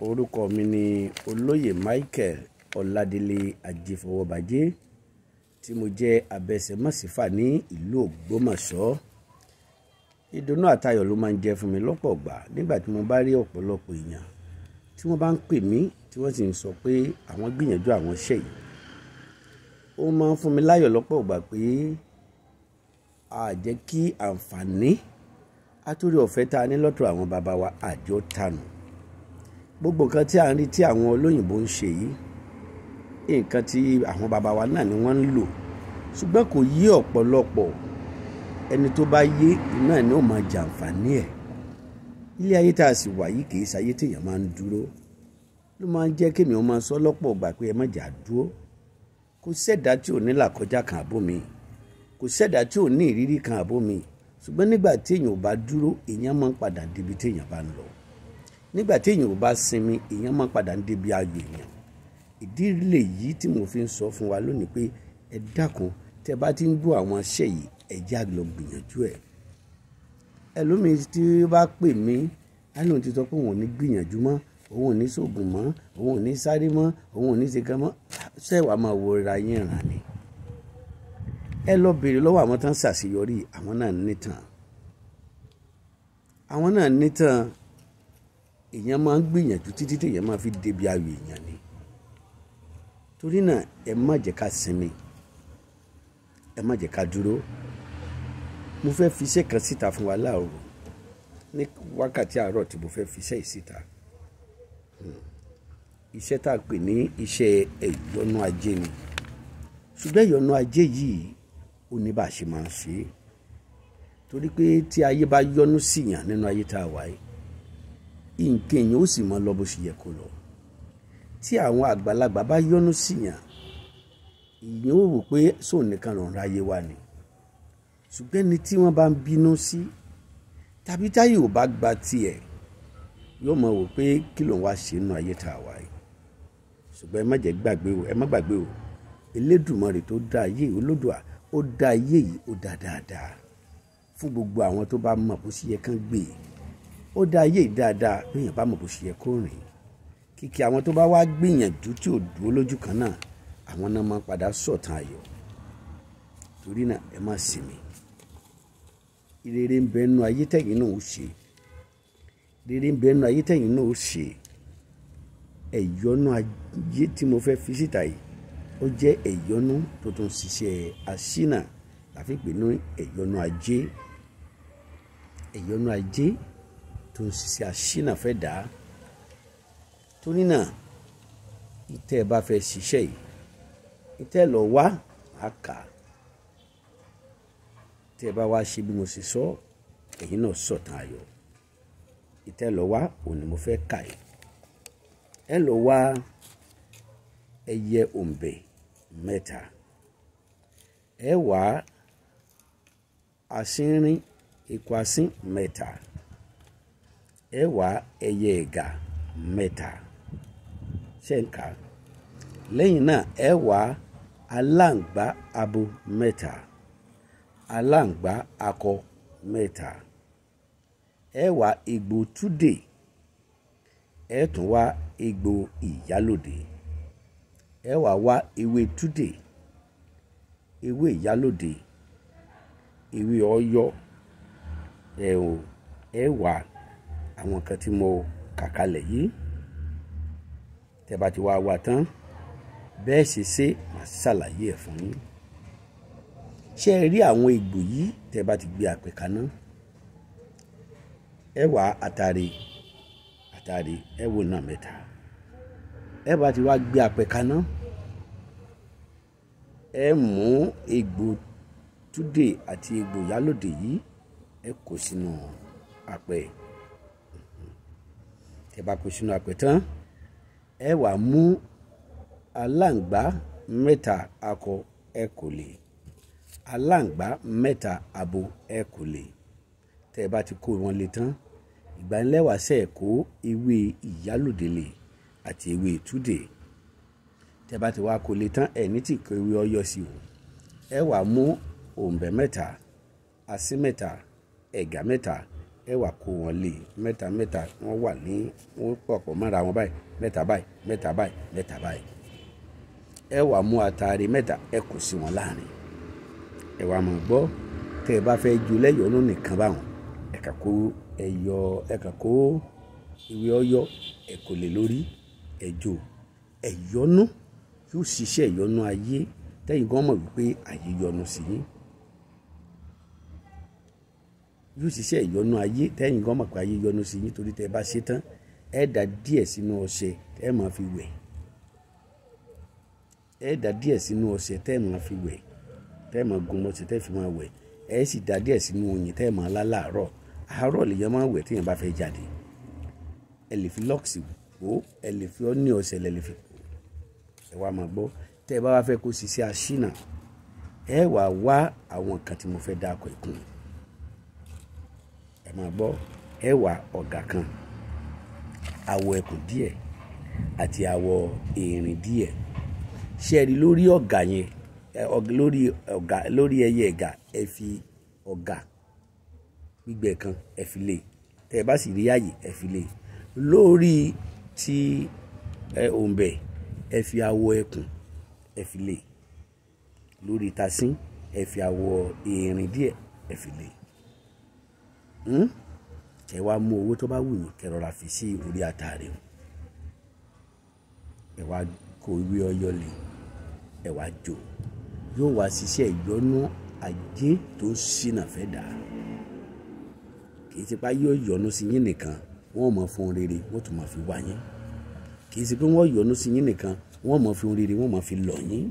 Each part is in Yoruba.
orúkọ mi ni olóyè Michael Ọládélé Ajífọwọ́bajé tí mo jẹ́ abẹsẹ̀mọ́sífà ní ìlú Ògbómọ̀ṣọ́ ìdùnnú àtayọ̀ ló máa ń jẹ́ fún mi lọ́pọ̀ ọ̀gbà nígbà tí mo bá rí ọ̀pọ̀lọpọ̀ èèyàn tí wọ́n bá ń pè mí tí wọ́n sì ń sọ pé àwọn gbìyànjú àwọn iṣẹ́ yìí ó máa ń fún mi láyọ̀ lọ́pọ̀ ọ̀gbà pé a jẹ́ kí àǹfààní àtúrí ọ̀fẹ́ tá a ní lọ́tọ̀ àwọn bàbá wa àjọ tànù gbogbo nǹkan tí à ń rí tí àwọn olóyìnbó ń ṣe yìí nǹkan tí àwọn bàbá wa náà ni wọ́n ń lò ṣùgbọ́n kò yé ọ̀pọ̀lọpọ̀ ẹni tó bá yé iná ni ó máa jàǹfààní ẹ̀ ilé ayé tá a sì wà yìí kìí ṣayé téèyàn máa ń dúró ló máa ń jẹ́ kémi ó máa sọ lọ́pọ̀ ọgbà pé ẹ má jà dúró kò sẹ́dá tí ò ní làkọjá kan àbó mi kò sẹ́dá tí ò ní ìrírí kan àbó mi ṣùgbọ́n nígbà téèyàn ò bá dúró èèyàn máa ń padà débi téèyàn bá ń lọ nígbà tí èèyàn ò bá sinmi èèyàn máa padà ń débi ayò èèyàn ìdí lèyí tí mo fi ń sọ fún wa lónìí pé ẹ dákun tẹ bá ti ń gbọ́ àwọn iṣẹ́ yìí ẹ já lọ gbìyànjú ẹ ẹlòmíín tí ó bá pè mí alóhùn ti sọ pé òun ò ní gbìyànjú mọ́ òun ò ní ṣoògùn mọ́ òun ò ní sáré mọ́ òun ò ní ṣe gan mọ́ máa wo ra yín ràn ni ẹ lọ bèrè lọ́wọ́ àwọn tán ṣàṣeyọrí àwọn náà nítàn àwọn náà nítàn èèyàn máa ń gbìyànjú títí tí èèyàn máa fi débi ayò èèyàn ni torí náà ẹ má jẹ́ ká sinmi ẹ má jẹ́ ká dúró mo fẹ́ fi iṣẹ́ kan síta fún wa láàárọ̀ ní wákàtí àárọ̀ tí mo fẹ́ fi iṣẹ́ yìí síta hmm. iṣẹ́ tá a pè ní iṣẹ́ ẹ̀yọ́nú ajé ni ṣùgbọ́n ẹ̀yọ́nú ajé yìí ó ní bá a ṣe máa ń ṣe é torí pé tí ayé bá yọ́nú síyàn nínú ayé tá a wà nǹkan èèyàn ó sì mọ lọ bó ṣe yẹ kó lọ tí àwọn àgbàlagbà bá yọ́nú sí yàn èèyàn ó rò pé sóun nìkan lọ́rùn ayé wa ni ṣùgbọ́n ẹni tí wọ́n bá ń bínú sí tàbí táyé ò bá gba tiẹ̀ yóò mọ̀ wò pé kí ló ń wá ṣe nínú ayé tá a wà yìí ṣùgbọ́n ẹ má jẹ́ gbàgbé o ẹ má gbàgbé o Elédùmarè tó dá ayé Olódùà ó dá ayé yìí ó dá dáadáa fún gbogbo àwọn tó bá mọ̀ bó ṣe yẹ kán gbé e ó dá ayé dáadáa níyàn bá mọ̀ bó ṣe yẹ kó rìn kìkì àwọn tó bá wá gbìyànjú tí ò dúró lójú kan náà àwọn náà máa padà sọ̀tàn ayọ̀ torí náà ẹ má sinmi rere ń bẹnu ayé tẹ̀yìn náà ó ṣe rere ń bẹnu ayé tẹ̀yìn náà ó ṣe ẹ̀yọ́nú ayé tí mo fẹ́ fi síta yìí ó jẹ́ ẹ̀yọ́nú tó ṣiṣẹ́ àṣínà láfi pè ní ẹ̀yọ́nú ajé ẹ̀yọ́nú ajé tó ṣiṣẹ àṣìnà fẹ dà á torí náà ìtẹ́ ẹ bá fẹ́ ṣiṣẹ́ yìí ìtẹ́ lọ wá á kà á tẹ́ ẹ bá wá ṣe bí mo ṣe sọ ẹ̀yin náà sọ̀tàn ayọ̀ ìtẹ́ lọ wá òun ni mo fẹ́ kà yìí ẹ lọ wá ẹyẹ òǹbẹ mẹ́ta ẹ wá asínrín ikọ̀ asín mẹ́ta. E ewa wá ẹyẹ ẹ̀gà mẹ́ta ṣẹ́ǹkà lẹ́yìn náà ẹ wá aláǹgbá abo mẹta aláǹgbá akọ mẹta ẹ igbo egbò túdè ẹ tún wá egbò ìyálòdè ẹ wá wá ewé túdè ewé ìyálòdè ewé àwọn nǹkan tí mo kà kalẹ̀ yìí tẹ́ bá ti wá wá tán bẹ́ẹ̀ ṣe ṣe màá ṣàlàyé ẹ̀ fún yín ṣé ẹ rí àwọn egbò yìí tẹ́ bá ti gbé àpè kaná ẹ wá àtàrí àtàrí ẹ wò náà mẹ́ta ẹ bá ti wá gbé àpè kaná ẹ mú egbò túdè àti egbò yálòdè yìí ẹ kó sínú àpè tẹ́ bá kó sínú àpẹtán ẹ wà mú aláǹgbá mẹ́ta akọ ẹ̀kùlé aláǹgbá mẹ́ta abo ẹ̀kùlé tẹ́ bá ti kó wọn lé tán ìgbanilẹ́wàsẹ̀ kó ewé ìyálòdélé àti ewé túdè tẹ́ bá ti wá kó lé tán ẹ̀ ní tí kó ewé ọyọ sí o ẹ wà mú òǹbẹ mẹ́ta asín mẹ́ta ẹ̀gà mẹ́ta ẹ wà kó wọn lé mẹ́ta mẹ́ta wọ́n wà ní wọ́n pọ̀pọ̀ mọ́ra wọn báyìí mẹ́ta báyìí mẹ́ta báyìí mẹ́ta báyìí ẹ wà mú àtàrí mẹ́ta ẹ kò sí wọn láàrin ẹ wà mọ̀ gbọ́ tẹ́ ẹ bá fẹ́ ju lẹ́yọ̀ ọ̀nà nìkan báwọn ẹ kà kó ẹyọ ẹ kà kó ìwé ọyọ ẹ lè lórí ẹ jò yóò ṣiṣẹ́ ìyọnu ayé tẹ́yìn gan mọ̀ wípé ayé yọnu sí yín yóò ṣiṣẹ́ ìyọnu ayé tẹ́yìn gan mọ̀ pé ayé yọnu sí yín torí tẹ́ bá ṣe tán ẹ dà díẹ̀ sínú ọṣẹ tẹ́ máa fi wẹ̀ ẹ dà díẹ̀ sínú ọṣẹ tẹ́ máa fi wẹ̀ tẹ́ máa gun ọṣẹ tẹ́ fi máa wẹ̀ ẹ sì dà díẹ̀ sínú oyin tẹ́ máa lá láàárọ̀ àárọ̀ lèyàn máa wẹ̀ téèyàn bá fẹ́ jáde ẹ lè fi lọ́ọ̀sì wò ẹ lè fi ọ́ní ọṣẹ lẹ lè fi wò ẹ wá máa gbọ́ tẹ́ ẹ bá wá fẹ́ kó ṣiṣẹ́ aṣínà ẹ wà wá àwọn kan tí mo fẹ́ dáko ìkùnrin máa gbọ́ ẹ̀wà ọ̀gà kan àwọ̀ ẹ̀kùn díẹ̀ àti àwọ̀ èrìn díẹ̀ ṣe rí lórí ọ̀gà yẹn lórí ọ̀gà lórí ẹyẹ ẹ̀gà ẹ fi ọ̀gà gbígbẹ kan ẹ fi lé tẹ ẹ bá sì rí àyè ẹ fi lé lórí ti òǹbẹ ẹ fi àwọ̀ ẹ̀kùn ẹ fi lé lórí tasín ẹ fi àwọ̀ èrìn díẹ̀ ẹ fi lé. Hmm? kẹ wá mú owó tó bá wù yín kẹ rọra fi sí orí àtàrí ẹ wá kó ewé ọyọ lè ẹ wá jó yóò wá ṣiṣẹ́ ìyọnú ajé tó ń ṣìnà fẹ́ dà kì í ṣe pé yóò yọnu sí yín nìkan wọn ò mọ fún rere wọn tún mọ fi wá yín kì í ṣe pé wọn yọnu sí yín nìkan wọn ò mọ fún rere wọn mọ fi lọ yín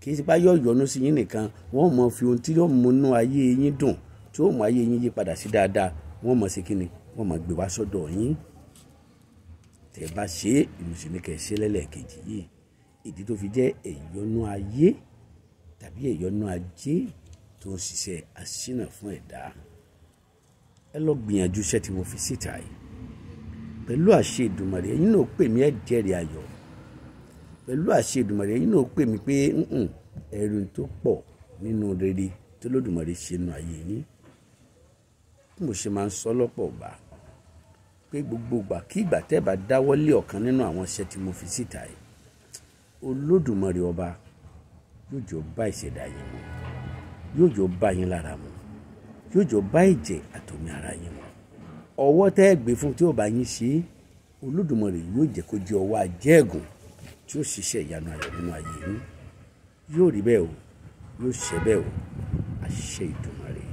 kì í ṣe pé yóò yọnu sí yín nìkan wọn ò mọ fi ohun tí yóò múnú ayé yín dùn tí ó mú ayé yín yí padà sí dáadáa wọ́n mọ̀ sí kíni wọ́n mọ̀ gbé wá sọ́dọ̀ yín tẹ́ bá ṣe é ìmùsùlùmí kẹ́ ṣe lẹ́lẹ́kejì yìí ìdí tó fi jẹ́ ẹ̀yọ́nú ayé tàbí ẹ̀yọ́nú ajé tó ń ṣiṣẹ́ aṣínà fún ẹ̀dá ẹ lọ gbìyànjú iṣẹ́ tí mo fi síta yìí pẹ̀lú àṣẹ Èdùmàrè ẹ̀yin náà pè mí ẹ̀jẹ̀rì ayọ̀ pẹ̀lú àṣẹ Èdùmàrè ẹ̀yin náà pè mí pé ẹ̀rù tó pọ̀ nínú rere tó lódùmarè ṣe nu ayé yín mo ṣe máa ń sọ lọ́pọ̀ ọ̀gbà pé gbogbo ìgbà kí ìgbà tẹ́ bá dáwọ́lé ọ̀kan nínú àwọn iṣẹ́ tí mo fi síta yìí olódùmarè ọba yóò jọ bá ìṣẹ̀dá yín mu yóò jọ bá yín lára mu yóò jọ bá ìjẹ́ àtòmí ara yín mu ọwọ́ tẹ́ ẹ gbé fún tí ó bá yín ṣe olódùmarè yóò jẹ́ kó jẹ́ ọwọ́ ajẹ́gùn tí ó ṣiṣẹ́ ìyanu ayọ̀ nínú ayé yín yóò rí bẹ́ẹ̀ o yóò ṣe bẹ́ẹ̀ o àṣẹ Ìdùmarè.